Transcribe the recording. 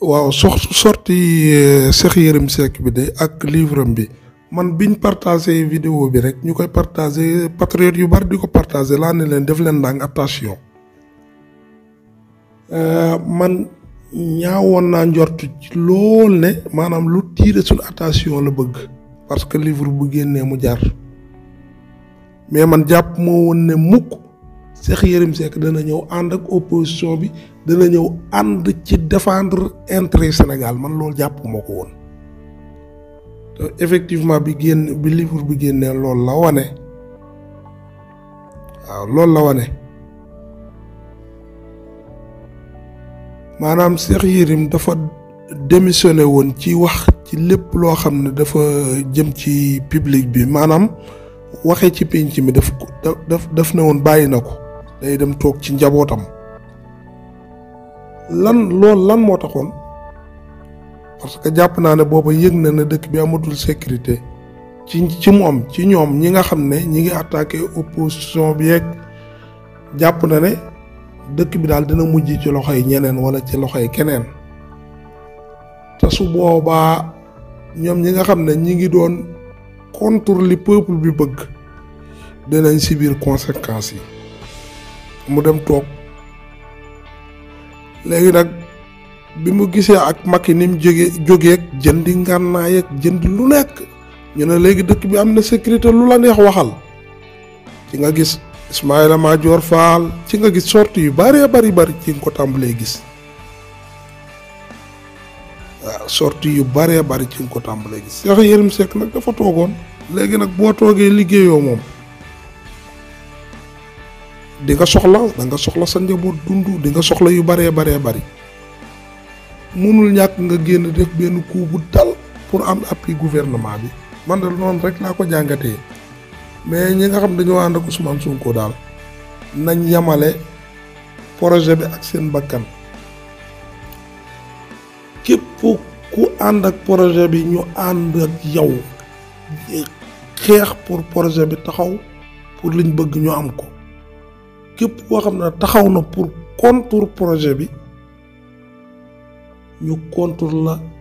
waaw sox sorti euh, Cheikh Yérim Seck bi de ak livre am bi man biñ partagé vidéo bi rek ñu koy partagé patriote yu bari di ko partagé laa ne leen def leen ndànk attention euh, man ñaawoon naa njort lool ne maanaam lu tiire suñu attention la bëgg parce que livre bu génnee mu jaar mais man jàpp moo woon ne mukk Cheikh Yérim Seck dana ñëw ànd ak opposition bi dana ñëw ànd ci défendre intérêt Sénégal man loolu jàppuma moo ko woon effectivement bi génn bi livre génnee loolu la wane waaw loolu la wane maanaam Cheikh Yérim dafa démissionné woon ci wax ci lépp loo xam ne dafa jëm ci public bi maanaam waxe ci pénc mi daf daf daf ne woon bàyyi na ko day dem toog ci njabootam lan loolu lan moo taxoon parce que jàpp naa ne booba yëg na ne dëkk bi amatul sécurité ci ci moom ci ñoom ñi nga xam ne ñi ngi attaqué opposition bi yeeg jàpp na ne dëkk bi daal dina mujj ci loxo yi ñeneen wala ci loxo yi keneen te su ñoom ñi nga xam ne ñi ngi doon contre li peuple bi bëgg dinañ si biir conséquences yi mu dem toog léegi nag bi mu gisee ak Macky ni mu jóge jógeeg jëndi ngànnaay ak jënd lu nekk ñu léegi dëkk bi am na sécurité lu la neex waxal ci nga gis Ismaïla Madior Fall ci nga gis sorti yu bëree bari bari ci nga ko tàmbalee gis waaw sorti yu bëree bari ci ko tàmbalee gis Cheikh Yérim Seck nag dafa toogoon léegi nag boo toogee liggéeyoo moom di nga soxla da nga soxla sa njaboot dundu di nga soxla yu bare bare bare munul ñak nga genn def ben coup bu dal pour am appui gouvernement bi man dal non rek la ko jangate mais ñi nga xam dañu and ak Ousmane Sonko dal nañ yamale projet bi ak seen bakkan kep ku and ak projet bi ñu and ak yow xex pour projet bi taxaw pour liñ bëgg ñu am ko képp koo xam ne taxaw na pour contour projet bi ñu contour la